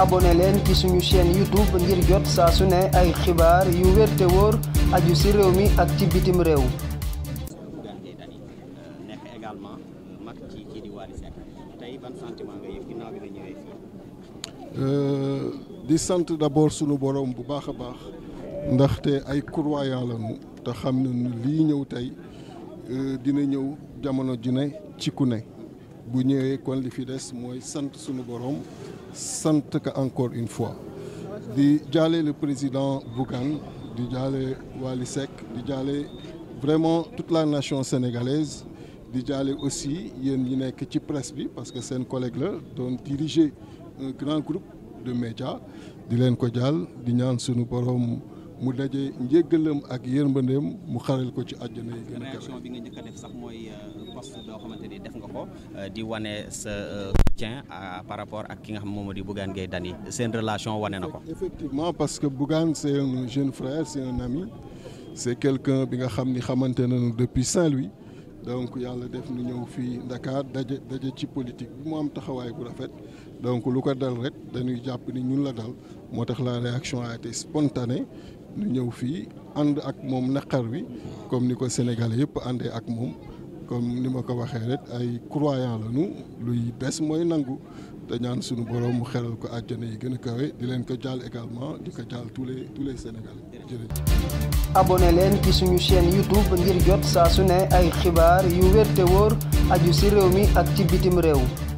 abonné leen ci suñu saa su ne ay xibaar yu wér te wóor aju mi ak ci bitim réew. Euh, di sant d'abord sunu boroom bu baax a baax ndaxte ay croyants lañu te xam nañu lii ñëw tey euh, dina ñëw jamono ju ne ci ku ne. bu ñëwee kon li fi des mooy sant suñu borom sant ka encore une fois di jaale le président Bougane di jaale Wali Seck di jaale vraiment toute la nation sénégalaise di jaale aussi yéen ñi nekk ci presse bi parce que seen collègue la doon diriger un grand groupe de médias di leen ko jaal di ñaan suñu borom. mu daje njéggalam ak yërmandeem mu xaral ko ci àjjana yi gën a réaction bi nga njëkk def sax mooy euh, poste boo xamante ni def nga ko euh, di wane sa euh, soutien par rapport ak ki nga xam moom moo di Bougane Gueye Dany seen relation wane na ko effectivement parce que Bougane c'est un jeune frère c'est un ami c'est quelqu'un bi nga xam ni xamante nañu depuis Saint-Louis donc yàlla def nu ñëw fii ndakaar daje daje ci politique bi mu am taxawaay bu rafet donc lu ko dal rek dañuy jàpp ni ñun la dal moo tax la réaction a été spontanée ñu ñëw fii ànd ak moom naqar wi comme ni ko Sénégalais yëpp àndee ak moom comme ni ma ko waxee rek ay croyant lañu luy bees mooy nangu te ñaan suñu borom mu xeral ko àjjana yi gën a kawe di leen ko jaal également di ko jaal tous les tous les Sénégalais jërëjëf. ci suñu chaîne YouTube ngir jot saa su ne ay xibaar yu wér aju si réew mi ak ci bitim réew.